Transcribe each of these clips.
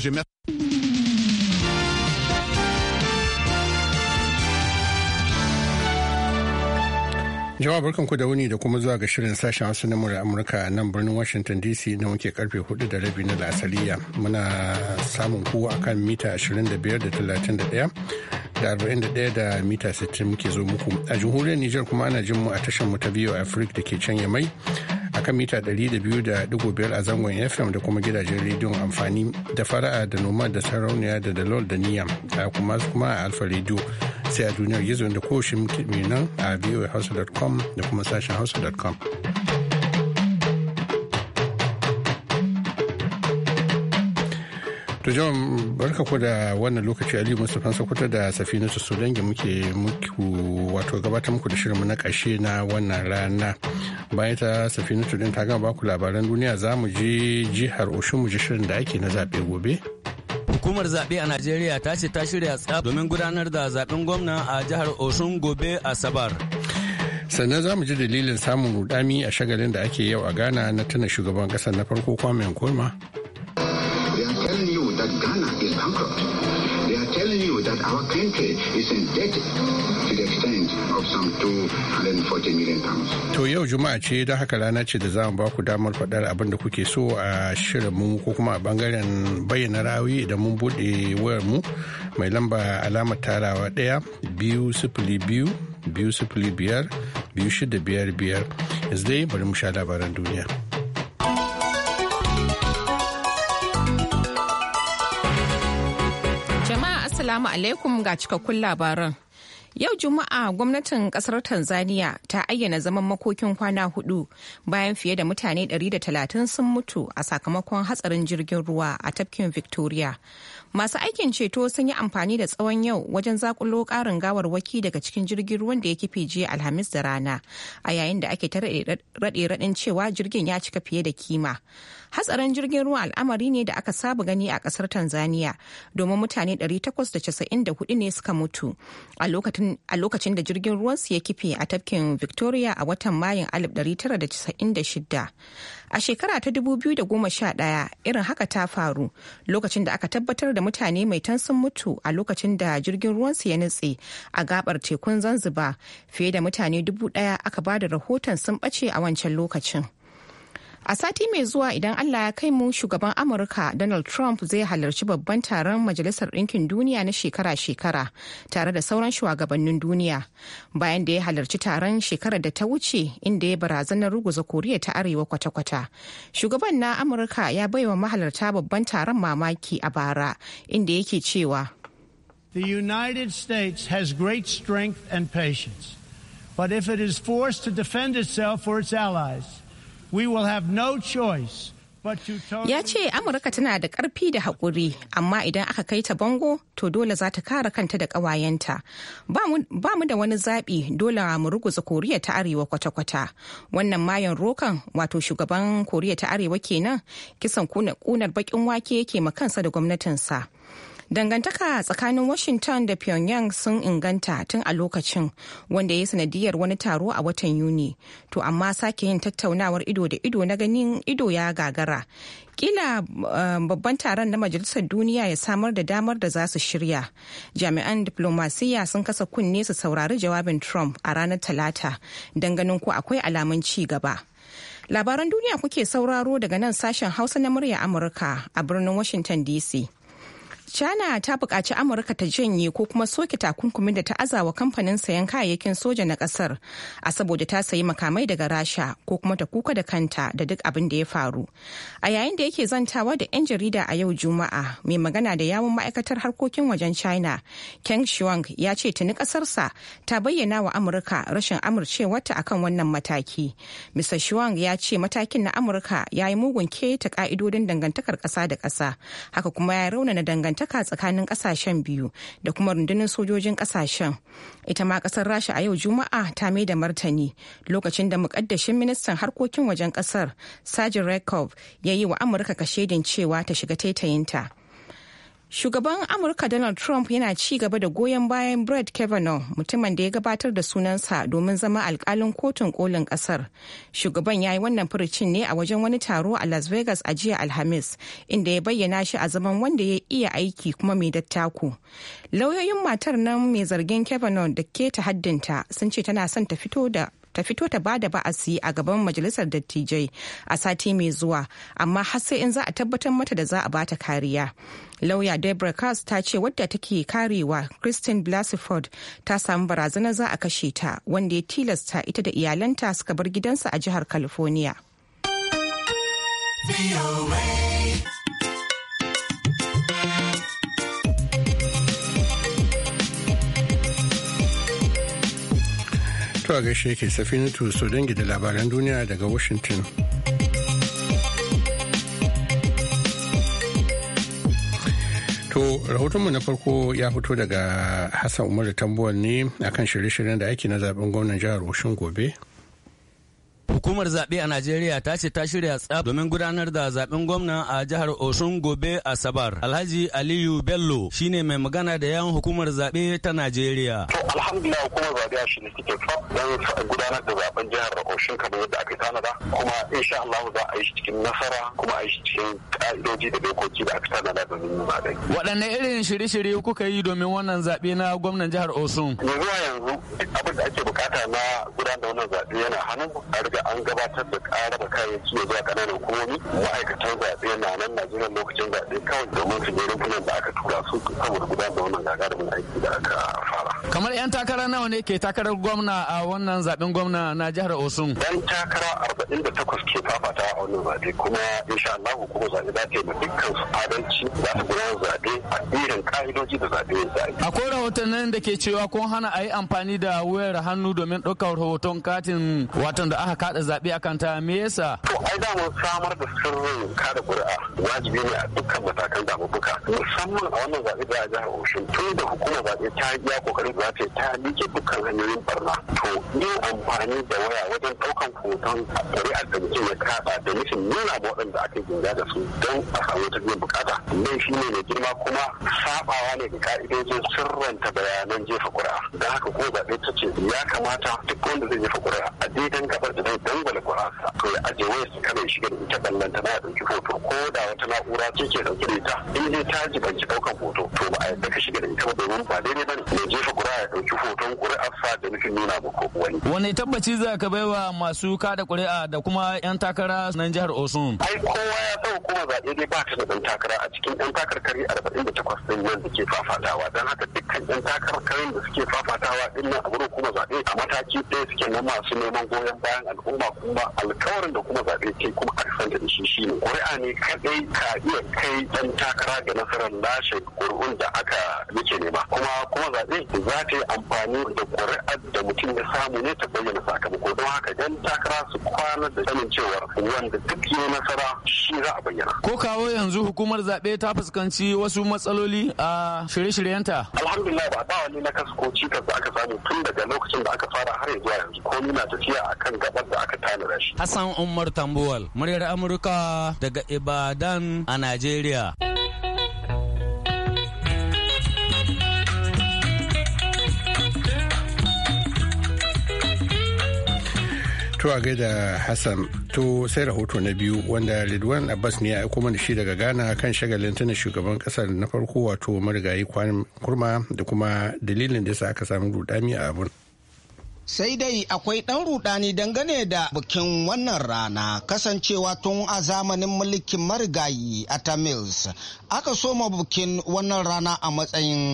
Jama'a barkanku da wuni da kuma zuwa ga shirin sashen wasu na murar Amurka nan birnin Washington DC na wuke karfe 4 da rabi na lasaliya. Muna samun ku akan mita 25 da 31 da 41 da mita 60 muke zo muku. A jamhuriyar Nijar kuma ana jin mu a tashar mu ta biyu afirka da ke can yamai. mai. akan mita 200.5 a zangon FM da kuma gidajen rediyon amfani da fara'a da noma da sarauniya da dalol da niyya a kuma kuma a alfa rediyo sai a duniyar gizo da koshin mai nan a voahausa.com da kuma sashen hausa.com. to john barka ku da wannan lokaci ali mustapha sokoto da safinatu su dangi muke muku wato gabatar muku da shirinmu na ƙarshe na wannan rana bayan ta safinatu din ta gama baku labaran duniya za mu je jihar oshun mu shirin da ake na zaɓe gobe hukumar zaɓe a najeriya ta ce ta shirya tsaf domin gudanar da zaɓen gwamna a jihar oshun gobe asabar sannan za mu ji dalilin samun rudami a shagalin da ake yau a ghana na tuna shugaban ƙasar na farko kwame nkrumah that our country is indebted to the extent of some 240 million pounds. To yau Juma'a ce don haka rana ce da za mu ba ku damar faɗar abin da kuke so a shirinmu ko kuma a bangaren bayyana rawi idan mun buɗe mu mai lamba alamar tarawa ɗaya biyu sifili biyu biyu sifili biyar biyu shida biyar biyar yanzu dai bari mu sha labaran duniya. Assalamu alaikum ga cikakkun labaran. Yau Juma'a gwamnatin kasar Tanzania ta ayyana zaman makokin kwana hudu bayan fiye da mutane 130 sun mutu a sakamakon hatsarin jirgin ruwa a tafkin Victoria. Masu aikin ceto sun yi amfani da tsawon yau wajen zakulo karin waki daga cikin jirgin ruwan da ya kife jiya Alhamis da rana a yayin da ake ta raɗe raɗin cewa jirgin ya cika fiye da kima. hatsarin jirgin ruwa al'amari ne da aka saba gani a kasar tanzania domin mutane 894 ne suka mutu a lokacin da jirgin ruwansu ya kife a tafkin victoria a watan mayun 1996 a shekara ta 2011 irin haka ta faru lokacin da aka tabbatar da mutane mai tansun sun mutu a lokacin da jirgin ruwansu ya nutse a gabar tekun zanzibar fiye da mutane 1,000 aka ba da rahoton sun bace a wancan lokacin. A sati mai zuwa idan Allah ya kai mu shugaban Amurka Donald Trump zai halarci babban taron Majalisar Ɗinkin Duniya na shekara-shekara tare da sauran shugabannin duniya. Bayan da ya halarci taron shekarar da ta wuce inda ya barazanar ruguza Koriya ta Arewa kwata-kwata. Shugaban na Amurka ya baiwa mahalarta babban taron mamaki a bara inda yake cewa. The United States has great strength and patience, but if it is forced to defend itself or its allies, Ya ce Amurka tana da ƙarfi da haƙuri, amma idan aka kai ta bango to dole za ta kare kanta da ƙawayenta. Ba mu da wani zaɓi dole mu ruguza Koriya ta Arewa kwata-kwata. Wannan mayan rokan wato shugaban Koriya ta Arewa kenan kisan kunar baƙin wake yake makansa da gwamnatinsa. Dangantaka tsakanin Washington da Pyongyang sun inganta tun a lokacin wanda ya yi sanadiyar wani taro a watan Yuni. To amma sake yin tattaunawar ido da ido na ganin ido ya gagara. Kila eh, babban taron na Majalisar Duniya ya samar da damar da za su shirya. Jami'an diplomasiya sun kasa kunne su saurari jawabin Trump a ranar Talata don ganin ko akwai alamun ci gaba. Labaran duniya kuke sauraro daga nan sashen Hausa na murya Amurka a birnin Washington DC. China ta buƙaci Amurka ta janye ko kuma soke takunkumin da ta azawa kamfanin sayan kayayyakin soja na ƙasar a saboda ta sayi makamai daga Rasha ko kuma ta kuka da kanta da duk abin da ya faru. A yayin da yake zantawa da 'yan jarida a yau Juma'a, mai magana da yawun ma'aikatar harkokin wajen China, Keng Shuang ya ce tuni ƙasarsa ta bayyana wa Amurka rashin amurcewarta akan wannan mataki. Mr. Shuang ya ce matakin na Amurka ya yi mugun keta ƙa'idodin dangantakar ƙasa da ƙasa, haka kuma ya raunana dangantakar dangantaka tsakanin kasashen biyu da kuma rundunar sojojin kasashen ita ma kasar rasha a yau juma'a ta mai da martani lokacin da mukaddashin ministan harkokin wajen kasar sajin rekov ya yi wa amurka kashedin cewa ta shiga taitayinta Shugaban Amurka Donald Trump yana ci gaba da goyon bayan Brett Kavanaugh mutumin da ya gabatar da sunansa domin zama alkalin kotun kolin kasar. Shugaban ya yi wannan furucin ne a wajen wani taro a Las Vegas a jiya Alhamis inda ya bayyana shi a zaman wanda ya iya aiki kuma mai dattako. Lauyoyin matar nan mai zargin Kavanaugh da ke ta haddinta sun ce tana son ta fito da ta fito ta ba da ba'asi a gaban majalisar dattijai a sati mai zuwa amma har sai in za a tabbatar mata da za a bata kariya lauya deborah cass ta ce wadda take karewa christine blasiford ta samu barazana za a kashe ta wanda ya tilasta ita da iyalanta suka bar gidansa a jihar california. To a gaishe ke safinatu so dangi da labaran duniya daga Washington. To rahotonmu na farko ya fito daga Hassan Umaru tambuwan ne akan shirye-shiryen da ake na zaben gwamnan jihar Oshun gobe Hukumar zaɓe a Najeriya ta ce ta shirya tsaf domin gudanar da zaɓen gwamna a jihar Osun Gobe Asabar. Alhaji Aliyu Bello shine mai magana da yawan hukumar zaɓe ta Najeriya. Alhamdulillah hukumar zaɓe a shi ne suke tsaf don gudanar da zaɓen jihar Osun kamar yadda aka tanada kuma insha Allah za a yi shi cikin nasara kuma a yi shi cikin ƙa'idoji da dokoki da aka tanada domin zaɓe. Waɗanne irin shirye-shirye kuka yi domin wannan zaɓe na gwamnan jihar Osun? Yanzu a yanzu abin da ake bukata na gudanar da wannan zaɓe yana hannu a riga an an gabatar da ƙara da kayayyaki da zuwa ƙananan hukumomi ma'aikatan zaɓe na nan najeriya lokacin zaɓe kawai domin su je rumfunan da aka tura su saboda gudanar da wannan gagarumin aiki da aka fara. kamar 'yan takara nawa ne ke takarar gwamna a wannan zaɓen gwamna na jihar osun. 'yan takara arba'in da takwas ke fafata a wannan zaɓe kuma insha Allah kuma zaɓe za ta yi ma dukkan su adalci za su gudanar zaɓe a irin ƙa'idoji da zaɓe ya zaɓe. akwai rahotannin da ke cewa kun hana a yi amfani da wayar hannu domin ɗaukar rahoton katin watan da aka kaɗa kada zaɓe akan ta me yasa. ai da mun samar da sirrin kada ƙuri'a wajibi ne a dukkan matakan zaɓuɓɓuka musamman a wannan zaɓe da a jihar Oshin tun da hukumar ba ta iya kokarin da ta ta miƙe dukkan hanyoyin barna to yin amfani da waya wajen ɗaukan hoton ƙuri'ar da mutum ya kaɗa da mutum nuna ma waɗanda aka ginga da su don a samu ta biyan bukata laifi ne mai girma kuma sabawa ne da ka'idojin sirranta bayanan jefa ƙuri'a don haka ko zaɓe ta ce ya kamata duk wanda zai jefa ƙuri'a a daidan gabar da zai dangwale gurasa to ya aje waya su kare shi da ita ballan ta ya dauki hoto ko da wata na'ura ce ke dauke da ita in dai ta jibanci daukan hoto to ba a yadda ka shiga da ita ba domin ba daidai ba ne jefa gura ya dauki hoton ƙuri'arsa da nufin nuna ba ko wani. Wani tabbaci za ka wa masu kada ƙuri'a da kuma 'yan takara nan jihar Osun? Ai kowa ya san hukumar zaɓe dai ba ta da ɗan takara a cikin 'yan takarkari arba'in da takwas ɗin nan da ke fafatawa don haka dukkan 'yan takarkarin da suke fafatawa ɗin nan a wurin hukumar zaɓe a mataki ɗaya suke na masu neman goyon bayan al'umma ba kuma alkawarin da kuma zaɓe ke kuma karfanta da shi shi ne ƙuri'a ne kaɗai ka iya kai ɗan takara da nasarar lashe ƙuri'un da aka yake nema kuma kuma zaɓe za ta yi amfani da ƙuri'ar da mutum ya samu ne ta bayyana sakamako don haka ɗan takara su kwana da amincewar wanda duk yi nasara shi za a bayyana. Ko kawo yanzu hukumar zaɓe ta fuskanci wasu matsaloli a shirye-shiryenta? Alhamdulillah ba ba wani na kasko cikas da aka samu tun daga lokacin da aka fara har a yanzu ko nuna tafiya akan gabar da aka da shi. Hassan Umar Tambuwal, muryar Amurka daga Ibadan a Najeriya. To a gaida Hassan to sai rahoto na biyu wanda Ridwan Abbas ne ya aiko mana shi daga Ghana kan shagalin tana shugaban kasar na farko wato marigayi kurma da kuma dalilin da sa aka samu rudami a abun. sai dai akwai ɗan rudani dangane da bikin wannan rana kasancewa tun a zamanin mulkin marigayi a tamils aka soma bikin wannan rana a matsayin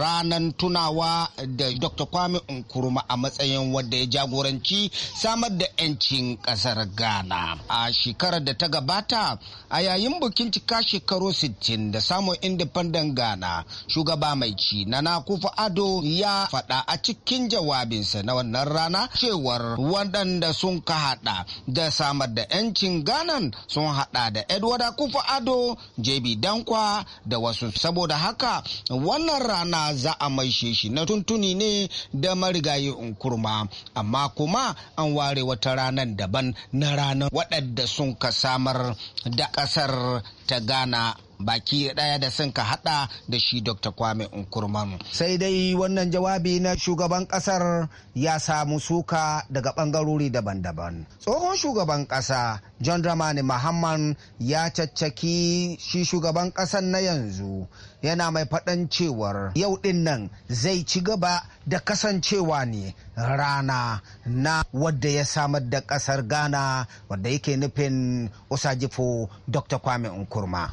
ranar tunawa da dr kwame nkuruma a matsayin wadda ya jagoranci samar da 'yancin ƙasar ghana a shekarar da ta gabata a yayin bikin cika shekaru 60 da samun independent ghana shugaba mai ci na kufa ado ya faɗa a cikin jawabinsa na wannan rana cewar waɗanda sun ka hada da samar da 'yancin ganan sun haɗa da edward akufa ado jebi dankwa da wasu saboda haka wannan rana za a mai shi na tuntuni ne da marigayi unkurma amma kuma an ware wata ranar daban na ranar waɗanda sun ka samar da ƙasar ta ghana baki daya da sun ka hada da shi dr kwame nkurman sai dai wannan jawabi na shugaban kasar ya samu suka daga bangarori daban-daban tsohon shugaban kasa john Ramani mahamman ya caccaki shi shugaban kasar na yanzu yana mai faɗan cewar yau ɗin nan zai ci gaba da kasancewa ne rana na wadda ya samar da ƙasar ghana wadda yake nufin usajifo dr kwame nkurma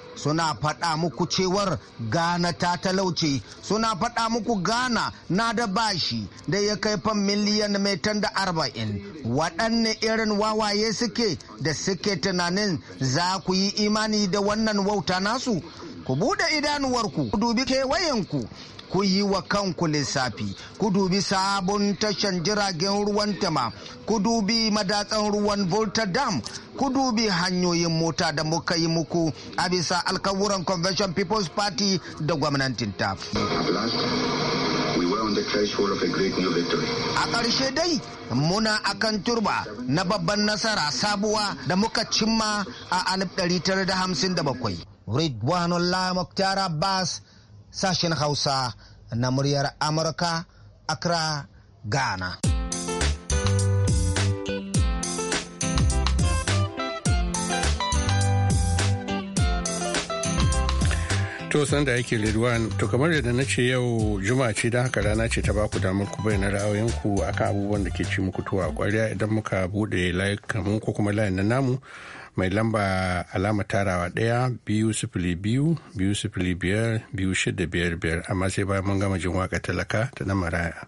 suna faɗa muku cewar Ghana ta talauce suna faɗa muku Ghana na da bashi da ya kai fan miliyan metan da arba'in waɗanne irin wawaye suke da suke tunanin za ku yi imani da wannan wauta nasu ku buɗe idanuwarku ku dubi kewayenku ku yi wa kanku lissafi ku dubi sabon tashan jiragen ruwan tema ku dubi madatsan ruwan volta dam ku dubi hanyoyin mota da muka yi muku a bisa alkawuran convention people's party da gwamnatin ta A ƙarshe dai muna akan turba na babban nasara sabuwa da muka cimma a 1957. Ridwanullah Mukhtar Abbas sashen Hausa na muryar Amurka, Accra, Ghana. to sanda yake lidwan to kamar yadda na ce yau juma ce da haka rana ce ta baku damar ku bayyana ra'ayoyinku akan abubuwan da ke ci muku tuwa kwarya idan muka bude layukan ko kuma layin na namu mai lamba alama tarawa ɗaya biyu sifili biyu biyu sifili biyar biyu shida biyar biyar amma sai bayan mun gama jin waka talaka ta na maraya.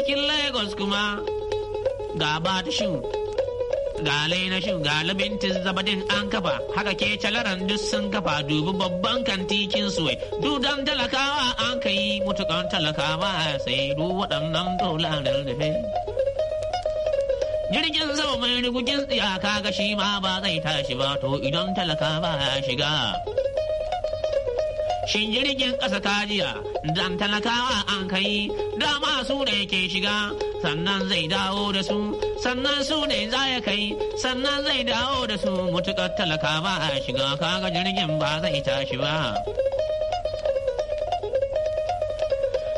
cikin Lagos kuma ga Batishin, ga Lainashin, ga Labintin Zabadin an kafa, haka ke calaran duk sun kafa dubi babban kantikin suwai, dudan talakawa an ka yi mutukan talakawa sai du waɗannan dolarar da Jirgin sama mai rigugin tsiyaka ga shi ma ba zai tashi ba to idan talakawa ya shiga. shin jirgin ƙasa ta jiya dan talakawa an kai dama su ne ke shiga sannan zai dawo da su sannan su ne za ya kai sannan zai dawo da su mutuƙar talaka ba a shiga kaga jirgin ba zai tashi ba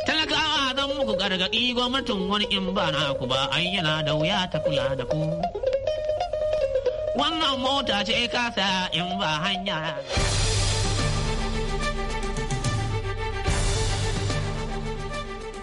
talakawa don muku gargaɗi gwamnatin wani in ba na ku ba ai yana da wuya ta kula da ku wannan mota ce kasa in ba hanya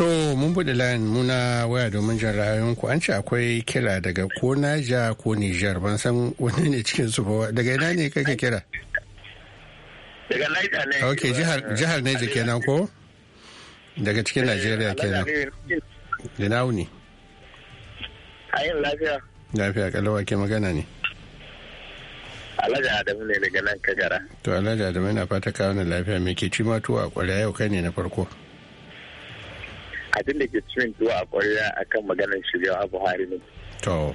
To mun buɗe layin muna waya domin jin ku an ce akwai kira daga ko Naija ko Nijar ban san wani ne cikin su ba daga ina ne kake kira? Daga Naija ne. Ok jihar Naija kenan ko? Daga cikin eh, Najeriya kenan. Da nawu Ayin lafiya. Lafiya kalawa ke magana ne. Alhaji Adamu ne daga nan kagara. To Alhaji Adamu yana fata kawo lafiya me ke cimatuwa a kwarya yau kai ne na farko. abin da ke cikin zuwa a kwarya kan maganar a buhari ne to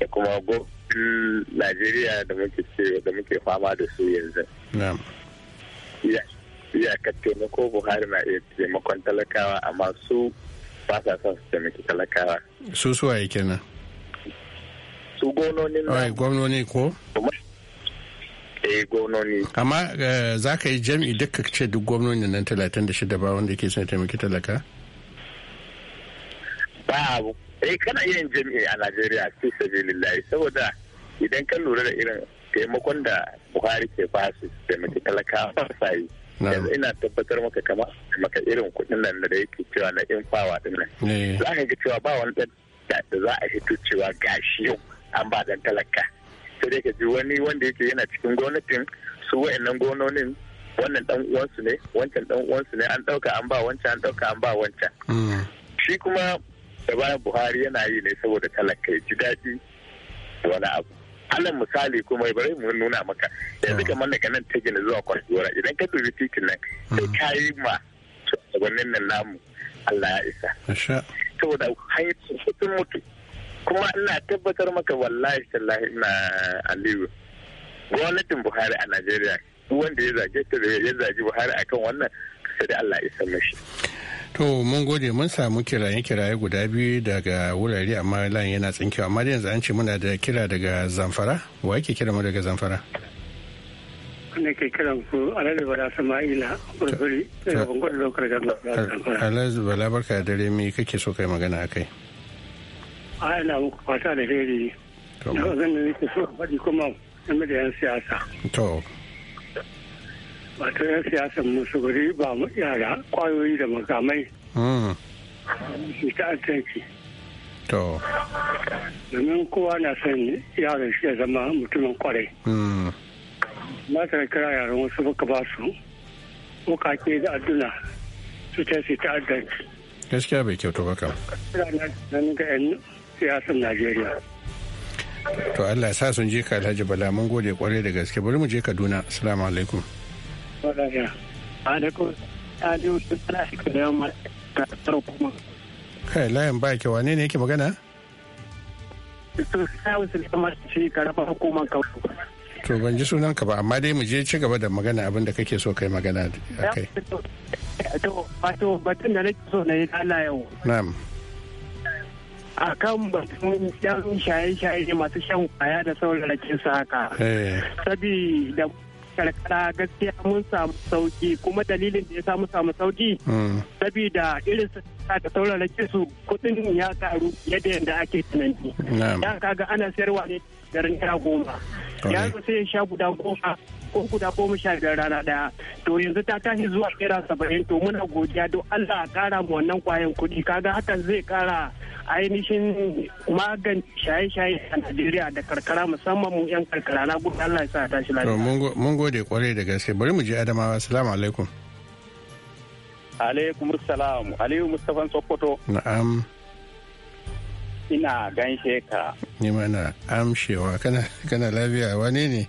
da kuma gwamnatin najeriya da muke ce da muke fama da su yanzu iyakar taimako buhari na iya taimakon talakawa amma su ba sa son su taimaki talakawa su su waye kenan su gononin na gwamnoni ko eh, gwamnoni amma eh, za ka yi jam'i duka ce duk gwamnoni nan talatin da shida ba wanda ke son taimaki talaka ba abu eh kana yin jami'i a Najeriya fi sabilillahi saboda idan ka lura da irin taimakon da Buhari ke ba su taimaki talakawa sa yi yanzu ina tabbatar maka kama maka irin kuɗin nan da yake cewa na in fawa din nan eh. za ka ga cewa ba wani da za a hito cewa gashi yau an ba dan talaka sai dai ka ji wani wanda yake yana cikin gwamnatin su wa'annan gwamnonin wannan dan uwansu ne wancan dan uwansu ne an dauka an ba wancan an dauka an ba wancan hmm. shi kuma da bayan buhari yana yi ne saboda talaka ya ji daɗi wani abu alal misali kuma bari mu nuna maka yanzu kamar daga nan ta gina zuwa kwasuwara idan ka dubi titin nan sai ka yi ma shugabannin nan namu allah ya isa saboda hanyar sun mutu kuma ina tabbatar maka wallahi tallahi ina aliyu gwamnatin buhari a najeriya wanda ya zage ta ya zage buhari akan wannan sai da allah ya isa mashi to mun gode mun samu kiraye kiraye guda biyu daga wurare amma lan yana tsinkewa amma yanzu an ce muna da kira daga zamfara wa yake kira mu daga zamfara ne ke kiran ku alhaji bala sama'ila kurkuri daga bangon lokar zamfara alhaji bala barka da dare me kake so kai magana akai a ina muku fata da heri da zan da nake so a faɗi kuma game da yan siyasa wato 'yan siyasan musu gari ba mu yara kwayoyi da makamai hmm. su ta'addanci to domin kowa na son yaron shi ya zama mutumin kwarai na hmm. ta kira yaran wasu baka ba su wukake da adduna su ta su ta'addanci gaskiya bai kyautu baka na ga 'yan siyasan najeriya to Allah sa sun je ka Alhaji Bala mun gode kwarai da gaske bari mu je Kaduna assalamu alaikum kai layin ba ke wane ne yake magana? to ban ji sunan ka ba amma dai mu je ci gaba da magana abin da kake so kai magana a kai wato batun da nake so na yi ala yau na'am a kan batun shaye-shaye masu shan kwaya da sauran rakin su haka eh. sabi da karkara gaskiya mun samu sauki kuma dalilin da ya samu samu sauki hmm. saboda irin da sauran kisu kudin ya karu yadda yadda ake tunanci. Ya kaga ana sayarwa ne garin goma. yaro sai ya sha guda goma ko guda goma sha biyar rana daya to yanzu ta tashi zuwa naira saba'in to muna godiya don allah a kara mu wannan kwayan kuɗi kaga hakan zai kara ainihin magan shaye-shaye a najeriya da karkara musamman mu yan karkara na gudu allah ya sa tashi lafiya. mun gode kwarai da gaske bari mu je adamawa salamu alaikum. alaikum salam aliyu mustapha sokoto. na'am. ina ganshe ka ni mana amshewa kana kana lafiya wani ne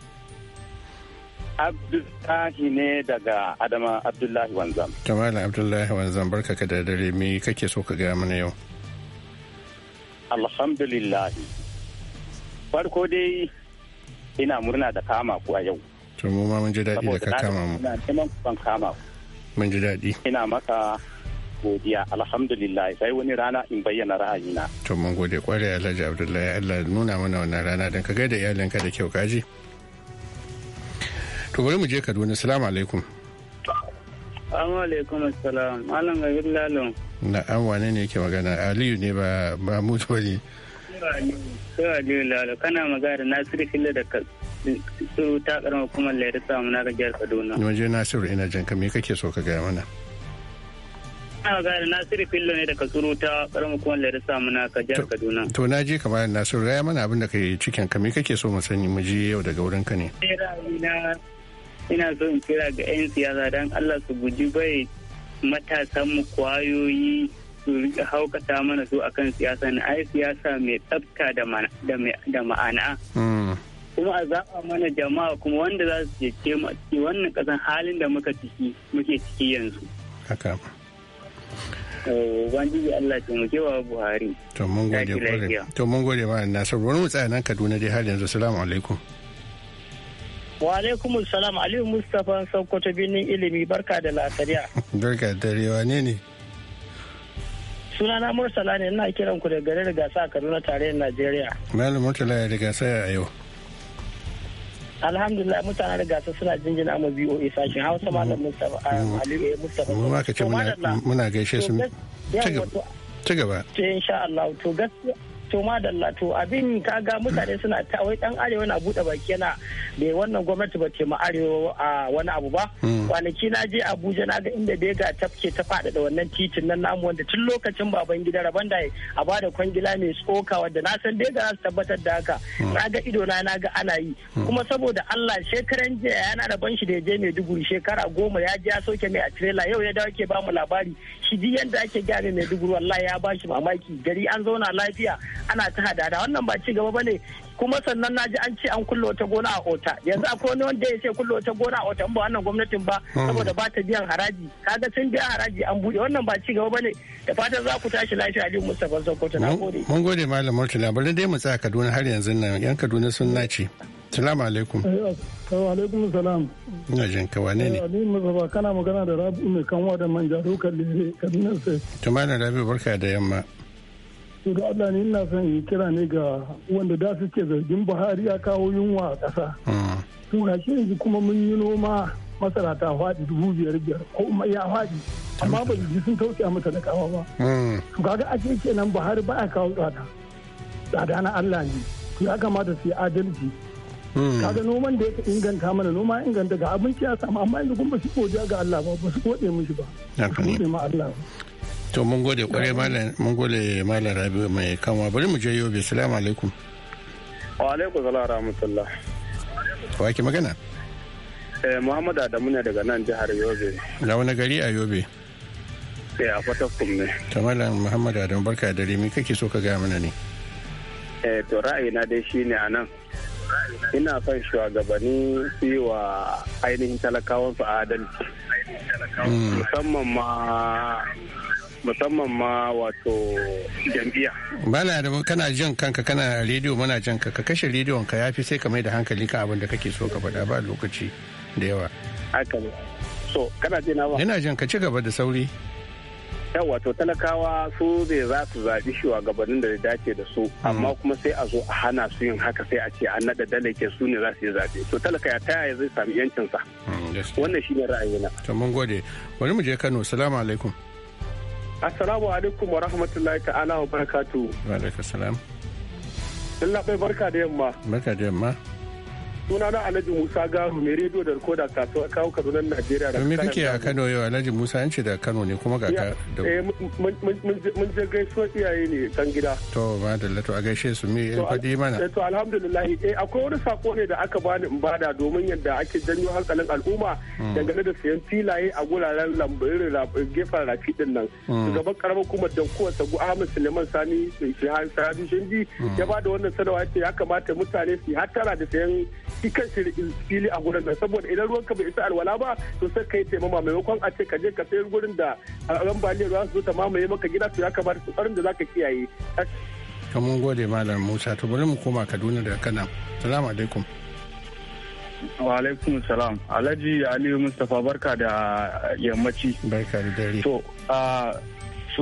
abdullahi ne daga adama abdullahi wanzam kamala abdullahi wanzam barka ka da dare me kake so ka gaya mana yau alhamdulillah farko dai ina murna da kama ku a yau to mu ma mun ji daɗi da ka kama mu ina neman ban kama mun ji daɗi ina maka godiya alhamdulillah sai wani rana in bayyana ra'ayina to mun gode kware alhaji abdullahi allah nuna mana wannan rana don ka gaida iyalinka da kyau kaji to bari mu je kaduna salamu alaikum Assalamu alaikum assalam. Malam Gabir Lalo. Na'am wane ne yake magana? Aliyu ne ba ba mutu ba ne. Sai Aliyu Lalo kana magana Nasiru Kille da Suru ta karamar kuma Lairu Samu na Rajar Kaduna. Waje Nasiru ina jan ka me kake so ka gaya mana? Ina gane Nasiru Fillo ne daga ta kuma Kaduna. To na je kamar Nasiru ya mana abin da yi cikin ka kake so mu sani mu ji yau daga wurin ka ne. Ina so in kira ga 'yan siyasa don Allah su guji bai matasan mu kwayoyi su haukata mana su akan siyasa na ai siyasa mai tsafta da ma'ana. Hmm. kuma a zaba mana jama'a kuma wanda za su je ke a wannan kasan halin da muka ciki muke ciki yanzu. Haka. Ubangiji Allah taimakewa Buhari. To mun gode kwarai. To mun gode ma Nasir. Wani mu tsaya nan Kaduna dai har yanzu. Assalamu alaikum. Wa alaikum salam Aliyu Mustapha Sokoto binin ilimi barka da lasariya. Barka da rewa ne ne. Sunana Murtala ne ina kiran ku da garin Gasa Kaduna tarayyar Najeriya. Malam Murtala ya riga sai a yau. alhamdulillah mutane da gasa suna jinjina mu BOA sashen Hausa malam Mustafa ah, mm. Ali eh, Mustafa mu ka ce muna gaishe su ci gaba ci gaba to insha Allah to gaskiya to madalla to abin ga mutane suna ta wai dan arewa na bude baki yana da wannan gwamnati ba ce ma arewa a wani abu ba hmm. kwanaki na je abuja na ga inda da ga tafke ta fada da wannan titin nan namu wanda tun lokacin baban gida raban da a bada kwangila mai tsoka wanda na san dai ga su tabbatar da haka hmm. na ga ido na na ga ana yi hmm. kuma saboda Allah shekaran jiya yana da ban shi da je mai duguri shekara goma ya je ya soke mai a trailer yau ya dawo ke ba mu labari shi ji yanda ake gyara mai duguri wallahi ya ba shi mamaki gari an zauna lafiya ana ta hadada wannan ba ci gaba bane kuma sannan naji an ce an kullo ta gona a ota yanzu akwai kone wanda ya ce kullo ta gona a ota ba wannan gwamnatin ba hmm. saboda ba ta biyan haraji kaga sun biya haraji an buɗe wannan ba ci gaba bane da fatan za ku tashi lafiya Aliyu Mustapha Sokoto na gode mun gode malam Murtala bari dai mu tsaya Kaduna har yanzu nan yan Kaduna sun nace Salamu alaikum. Eh, alaikum salam. Ina jin ka wane ne? Ni eh, Mustapha kana magana da Rabi mai kanwa da manja dokar Lere Kaduna sai. Tumana rabu barka da yamma. su ga Allah ne ina son yi kira ne ga wanda da ke zargin Buhari ya kawo yunwa a ƙasa. su hmm. ga shi yanzu kuma mun yi noma masara ta faɗi dubu biyar biyar ko ya faɗi amma ba ji sun tauke mata da kawa ba. Hmm. To ga ake kenan Buhari ba ya kawo tsada. Tsada na Allah ne. Ya kamata su yi adalci. Hmm. kaga noman da ya yake inganta mana noma inganta ga abinci ya samu amma yanzu kuma ba su godiya ga Allah ba ba su gode mishi ba. Ba su ma Allah ba. to mun gode malam mun gode malam rabi mai kanwa bari mu je yobe salamu alaikum wa alaikum salam rahmatullah wa ke magana eh muhammad adamu ne daga nan jihar yobe na wani gari a yobe eh a fatakum ne to malam muhammad adamu barka da dare kake so ka gaya mana ne eh to ra'ayina dai shine a nan ina son shugabanni su yi wa ainihin talakawansu adalci hmm. musamman ma musamman ma wato jam'iyya. Bana da kana jan kanka kana rediyo mana jan ka ka kashe rediyon ka yafi sai ka mai da hankali kan abin da kake so ka faɗa ba lokaci da yawa. Haka ne. So kana ji na ba. Ina jan ka ci gaba da sauri. yau wato talakawa su zai za su zaɓi shugabannin da ya dace da su hmm. amma kuma sai a zo a hana su yin haka sai a ce an naɗa dalake su ne za su yi zaɓe. To talaka ya yaya zai sami yancinsa. Hmm, Wannan shi ne ra'ayina. To mun gode. Wani mu je Kano. Salamu alaikum. Assalamu alaikum wa rahmatullahi ta'ala wa barakatu. Wa alaikum salam. Allah bai barka da yamma. Barka da yamma. suna na alhaji musa garu mai rediyo da rikoda kasuwa kawo kaduna najeriya da domin kake a kano yau alhaji musa an ce da kano ne kuma ga ka eh, mun je gaisuwa iyaye ne kan gida to ba da lato a gaishe su me in faɗi mana eh, to alhamdulillah eh akwai wani sako ne da aka bani in bada domin yadda ake janyo hankalin al'umma hmm. dangane da sayan filaye a guraren lambarin gefen rafi din nan hmm. shugaban karamar kuma da dankuwar sagu ahmad suleiman sani shahar sahadu shindi hmm. ya bada wannan sanarwa ya kamata mutane su yi hattara da sayan shi kan shi fili a gurin nan saboda idan ruwan ka bai isa alwala ba to sai kai taimama maimakon a ce ka je ka sayar gurin da ambaliyar ruwa su zo ta mamaye maka gida su ya kamata tsarin da zaka kiyaye kamun gode malam musa to bari mu koma kaduna da kana salamu alaikum wa alaikum salam alhaji ali mustapha barka da yammaci barka da dare to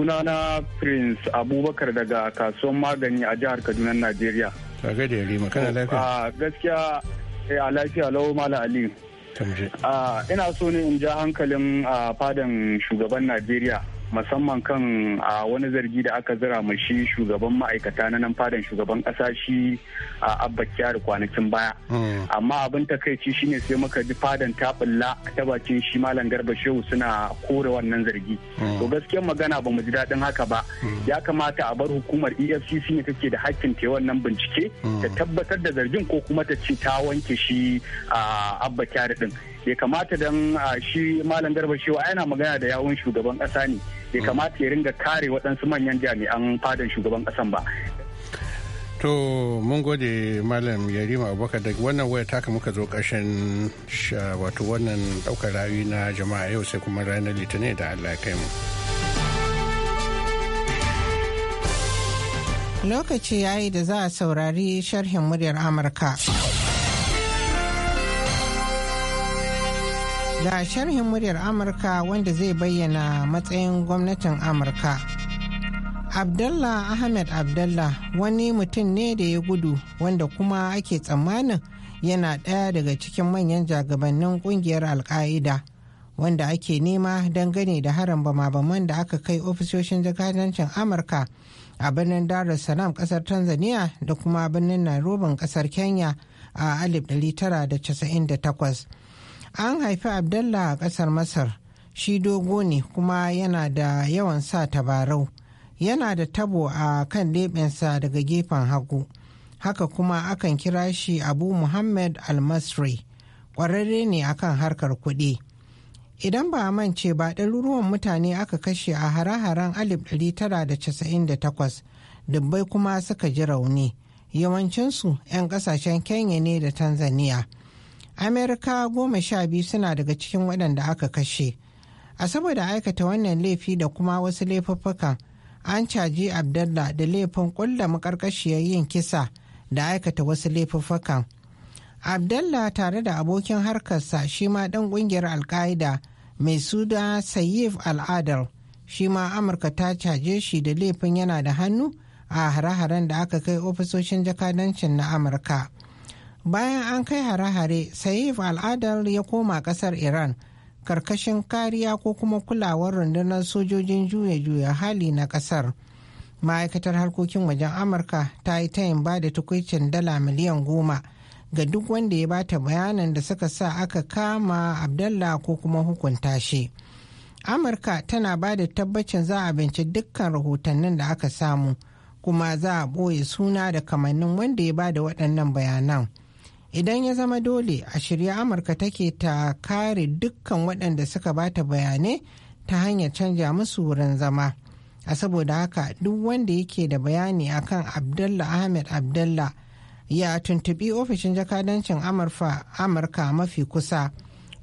na prince abubakar daga kasuwan magani a jihar kaduna najeriya kaga da yarima kana lafiya gaskiya a lafiya lau mala ali ah, ina so ne in ja hankalin ah, fadan shugaban najeriya musamman kan a wani zargi da aka zira ma shi shugaban ma'aikata na nan fadan shugaban kasa shi a abba kyari kwanakin baya hmm. amma abin takaici shine sai muka ji fadan ta bulla ta bakin shi malam garba shehu suna kore wannan zargi hmm. to gaskiyar magana ba mu ji daɗin haka ba hmm. ya kamata a bar hukumar efcc ne take da hakkin ta wannan bincike ta tabbatar da zargin ko kuma ta ce ta wanke shi a abba kyari din ya kamata dan shi malam garba shehu yana magana da yawun shugaban ƙasa ne bai kamata ya ringa kare waɗansu manyan jami'an fadan shugaban ƙasan ba to mun gode malam yarima abubakar da wannan waya taka muka zo ƙarshen wato wannan ɗaukar rayu na jama'a yau sai kuma ranar litinin da allah kai mu lokaci ya yi da za a saurari sharhin muryar amurka ga sharhin muryar amurka wanda zai bayyana matsayin gwamnatin amurka abdullah ahmed abdullah wani mutum ne da ya gudu wanda kuma ake tsammanin yana ɗaya daga cikin manyan jagabannin ƙungiyar alka'ida wanda ake nema dangane da harin bama-baman da aka kai ofisoshin jakadancin amurka a birnin dar es salaam kasar tanzania da kuma birnin nairobi ƙasar kenya a 1998 an haifi abdallah a ƙasar masar shi dogo ne kuma yana da yawan sa tabarau yana da tabo a kan leɓensa daga gefen hagu haka kuma akan kira shi abu muhammad almasri ƙwararre ne akan harkar kuɗi idan ba a mance ba ɗaruruwan mutane aka kashe a hare-haren 1998 dubbai kuma suka ji rauni yawancinsu 'yan ƙasashen kenya ne da tanzania amerika goma sha biyu suna daga cikin waɗanda aka kashe a saboda aikata wannan laifi da kuma wasu laifuffukan an caji abdallah da laifin ƙulla makarkashiyar yin kisa da aikata wasu laifuffukan abdallah tare da abokin harkarsa shi ma ɗan ƙungiyar alƙa'ida mai suda sayif al'adar shi ma amurka ta caje shi da laifin yana da hannu a hare-haren da aka kai ofisoshin jakadancin na amurka. bayan an kai hare-hare saif al'adar ya koma kasar iran karkashin kariya ko kuma kulawar rundunar sojojin juya juya hali na kasar ma'aikatar harkokin wajen amurka ta yi tayin ba da tukwicin dala miliyan goma ga duk wanda ya bata bayanan da suka sa aka kama abdallah ko kuma hukunta shi amurka tana ba da tabbacin za a binci dukkan rahotannin da aka samu kuma za a ɓoye suna da kamannin wanda ya ba da waɗannan bayanan. idan ya zama dole a shirya amurka take ta kare dukkan waɗanda suka bata bayanai ta hanyar canja musu wurin zama a saboda haka duk wanda yake da bayani akan abdullah ahmed abdullah ya tuntubi ofishin jakadancin amurka mafi kusa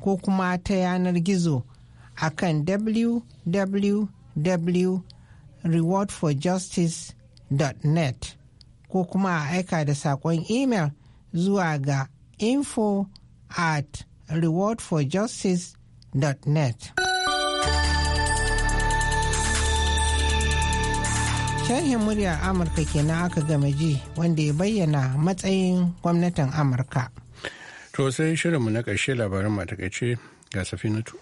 ko kuma ta yanar gizo akan www.rewardforjustice.net ko kuma a aika da saƙon imel zuwa ga info at rewardforjustice.net. Sharhin murya Amurka kenan aka gama ji wanda ya bayyana matsayin gwamnatin Amurka. To sai shirinmu na ƙarshe labarin matakaice ga safinatu.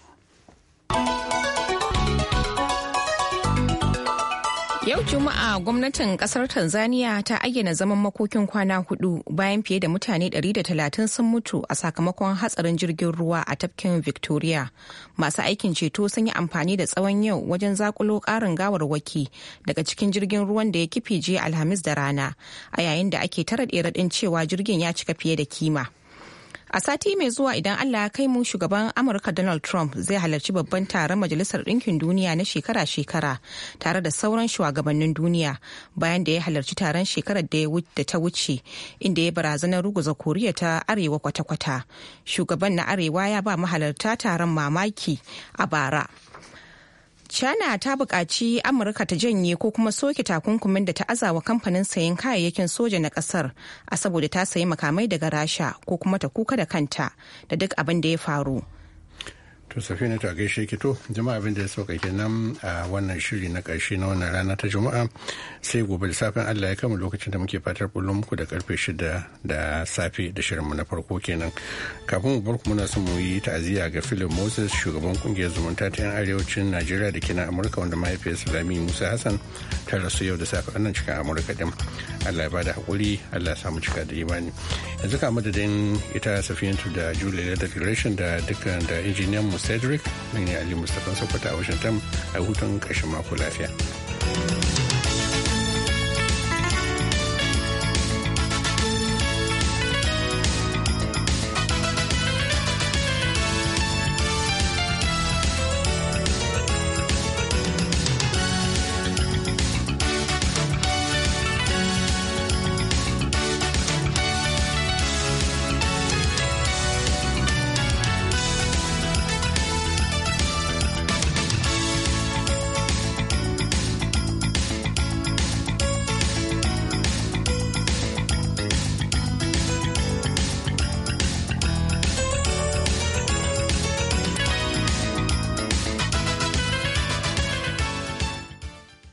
yau Juma'a gwamnatin kasar Tanzania ta ayyana zaman makokin kwana hudu bayan fiye da mutane 130 sun mutu a sakamakon hatsarin jirgin ruwa a tafkin Victoria. Masu aikin ceto sun yi amfani da tsawon yau wajen zakulo karin gawarwaki daga cikin jirgin ruwan da ya kifi Alhamis da rana a yayin da ake tara ɗin cewa jirgin ya cika fiye da kima. A sati mai zuwa idan Allah ya kai mu shugaban Amurka Donald Trump zai halarci babban taron Majalisar Ɗinkin Duniya na shekara-shekara tare da sauran shugabannin duniya bayan da ya halarci taron shekarar da ta wuce inda ya barazanar ruguza Koriya ta Arewa kwata-kwata. Shugaban na Arewa ya ba mahalarta taron mamaki a bara. China ta buƙaci Amurka ta janye ko kuma soke takunkumin da ta azawa kamfanin sayen kayayyakin soja na ƙasar a saboda ta sayi makamai daga Rasha ko kuma ta kuka da kanta da duk abin da ya faru. to safina ta gaishe ki to jama'a abin da ya sauka kenan a wannan shiri na karshe na wannan rana ta juma'a sai gobe da safin allah ya kama lokacin da muke fatar bullo muku da karfe shida da safe da shirinmu na farko kenan kafin mu bar muna son mu yi ta'aziyya ga filin moses shugaban kungiyar zumunta ta yan arewacin najeriya da ke nan amurka wanda mahaifiyarsa lami musa hassan ta rasu yau da safe wannan cikin amurka din allah ya bada hakuri allah ya samu cika da imani yanzu da dan ita safiyantu da julia da da dukkan da injiniyan musa cedric ne ali mustapha sokoto a washington a hutun ƙarshen mako lafiya.